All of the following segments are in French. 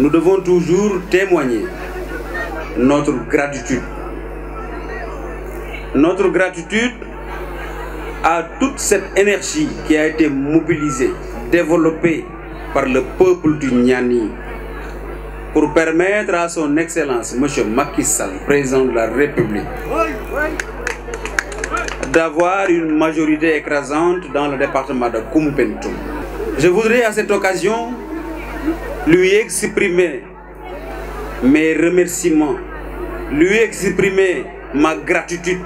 nous devons toujours témoigner notre gratitude. Notre gratitude à toute cette énergie qui a été mobilisée, développée par le peuple du Niani pour permettre à son Excellence, M. Macky Sall, président de la République, d'avoir une majorité écrasante dans le département de Kumpentum. Je voudrais à cette occasion lui exprimer mes remerciements, lui exprimer ma gratitude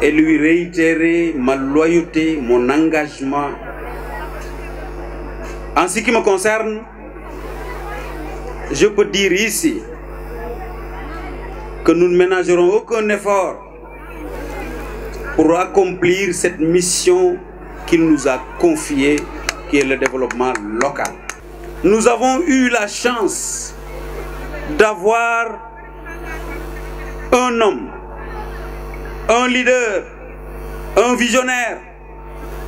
et lui réitérer ma loyauté, mon engagement. En ce qui me concerne, je peux dire ici que nous ne ménagerons aucun effort pour accomplir cette mission qu'il nous a confiée, qui est le développement local nous avons eu la chance d'avoir un homme, un leader, un visionnaire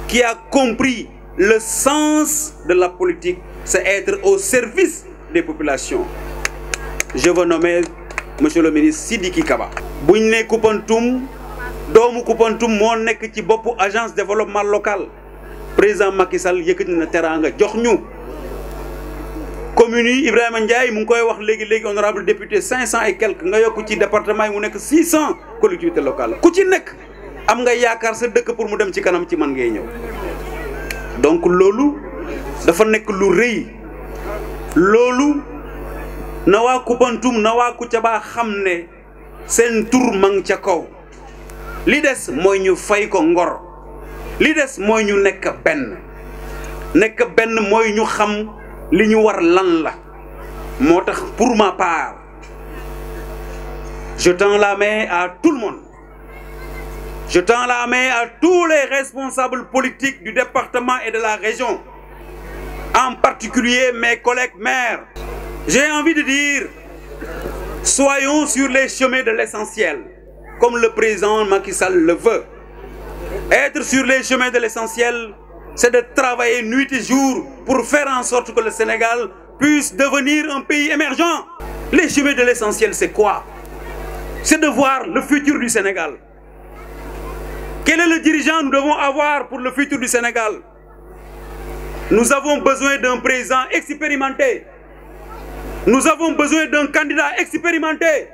qui a compris le sens de la politique, c'est être au service des populations. Je veux nommer monsieur le ministre Sidiki Kaba. buñ Koupantoum doomu Koupantoum vous agence développement local président Macky Sall yëkkati commune yi Ibrahima Ndiaye mu ngi koy wax léegi léegi honorable député cinq cent et quelque nga yokk ci département yi mu nekk six cent collectivité locale ku ci nekk am nga yaakaar sa dëkk pour mu dem ci kanam ci man ngay ñëw donc loolu dafa nekk lu rëy loolu na waa Koupantoum na waa Kouthiaba xam ne seen tur ma ngi ca kaw li des mooy ñu fay ko ngor li des mooy ñu nekk benn nekk benn mooy ñu xam li ñu la pour ma part je tends la main à tout le monde je tends la main à tous les responsables politiques du département et de la région en particulier mes collègues maires j'ai envie de dire soyons sur les chemins de l'essentiel comme le président Macky Sall le veut être sur les chemins de l'essentiel c'est de travailler nuit et jour pour faire en sorte que le Sénégal puisse devenir un pays émergent. Les de l'essentiel, c'est quoi C'est de voir le futur du Sénégal. Quel est le dirigeant que nous devons avoir pour le futur du Sénégal Nous avons besoin d'un président expérimenté. Nous avons besoin d'un candidat expérimenté.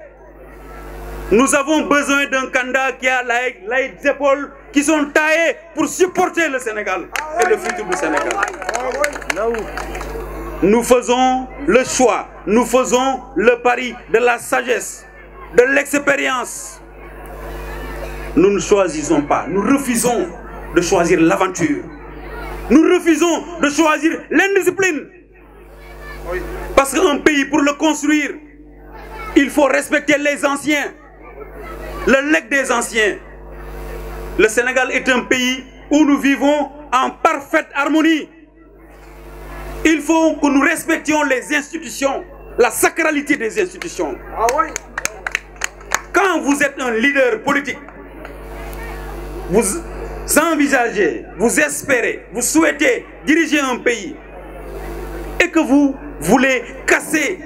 Nous avons besoin d'un candidat qui a les épaules qui sont taillées pour supporter le Sénégal et le futur du Sénégal. Nous faisons le choix, nous faisons le pari de la sagesse, de l'expérience. Nous ne choisissons pas, nous refusons de choisir l'aventure. Nous refusons de choisir l'indiscipline. Parce qu'un pays, pour le construire, il faut respecter les anciens le legs des anciens. Le Sénégal est un pays où nous vivons en parfaite harmonie. Il faut que nous respections les institutions, la sacralité des institutions. Ah Quand vous êtes un leader politique, vous envisagez, vous espérez, vous souhaitez diriger un pays et que vous voulez casser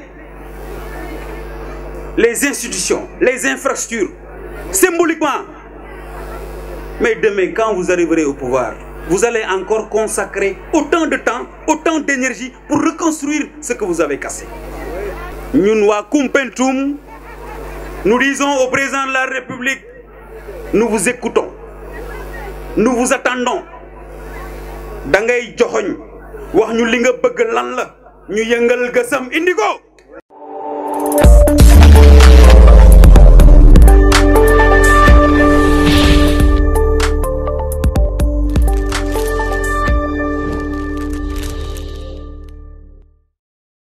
les institutions, les infrastructures, symboliquement. Mais demain, quand vous arriverez au pouvoir, vous allez encore consacrer autant de temps, autant d'énergie pour reconstruire ce que vous avez cassé. Nous, nous disons au président de la République, nous vous écoutons, nous vous attendons. Dangay wax ñu li nga bëgg